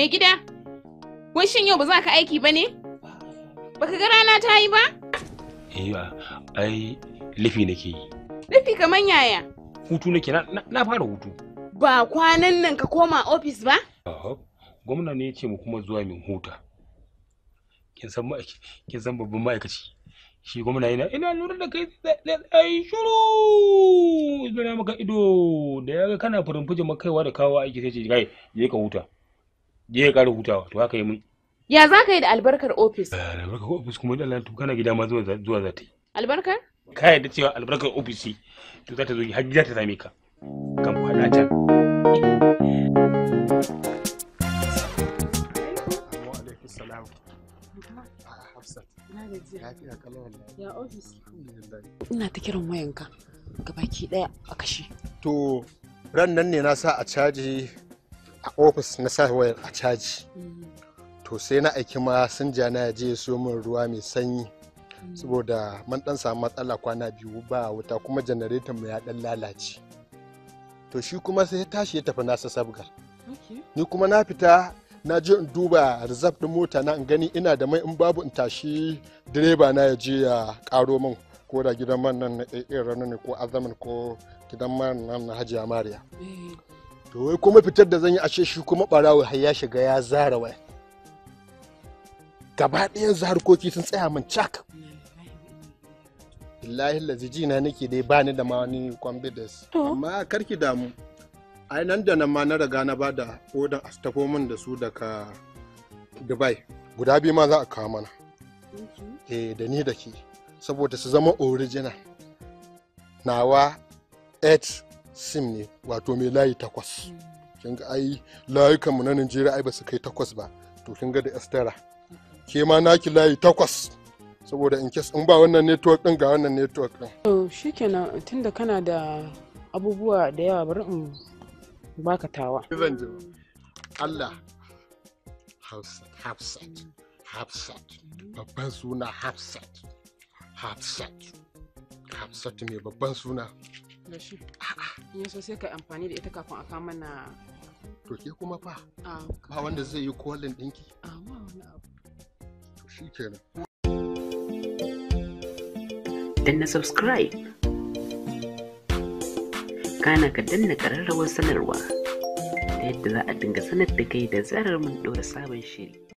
Mai gida, wai shin yau ba za ka aiki ba ne? Baka ga rana ta yi ba? Eh, ai lifi nake yi. Lifi kamar yaya? Hutu nake na fara hutu. Ba kwanan nan ka koma ofis ba? Gwamna ne ya ce mu kuma zuwa min huta. Kin san babban ma'aikaci. Shi gwamna yana ina lura da kai ai shuru. Ina maka ido da yaga kana farin fuje makaiwa da kawo aiki sai ce kai je ka huta. je ka ƙara hutawa to haka yi mun ya za ka yi da albarkar ofis eh, albarkar ofis kuma da Allah to kana gida ma zuwa zuwa za ta yi albarkar ka yadda cewa albarkar ofis to za ta zo har gida ta same ka kan kwana can ina ta kiran wayanka gabaki daya a kashe to ran nan ne na sa a caji a ofis na sa a caji to sai na aiki ma sun ja na je so min ruwa mai sanyi mm. saboda man dan samu matsala kwana biyu ba wuta kuma janaretan mu ya dan lalace to shi kuma sai ya tashi ya tafi nasa sabgar ni kuma na fita na je in duba reserve din mota na in gani ina da mai in babu in tashi direba na ya je ya karo min ko da gidan man nan na irin ne ko azamin ko gidan man nan na hajiya mariya eh. to wai kuma fitar da zan yi ashe shi kuma barawo har ya shiga ya zara waya gaba ɗayan zarkoki sun tsaya min cak billahi ji na nake dai bani da ma wani confidence amma karki damu ai nan da nan ma na riga na bada odan a min da su daga dubai guda biyu ma za a kawo mana eh da ni da ke saboda su zama original nawa 8 sim ne wato mai layi takwas kin ga ai layukan mu na Najeriya ai ba su kai takwas ba to kin ga da estera ke ma naki layi takwas saboda in kes in ba wannan network din ga wannan network din to shikenan tunda kana da abubuwa da yawa bari in baka tawa Allah Hafsat Hafsat babban suna Hafsat Hafsat Hafsat mai babban suna in so sai ka amfani da ita kafin a kawo mana to ke kuma fa ba wanda zai yi kolin dinki amma wani abu to shikenan na subscribe kana ka danna kararrawar sanarwa ta yadda za a dinga sanar da kai da zarar mun ɗora sabon shiri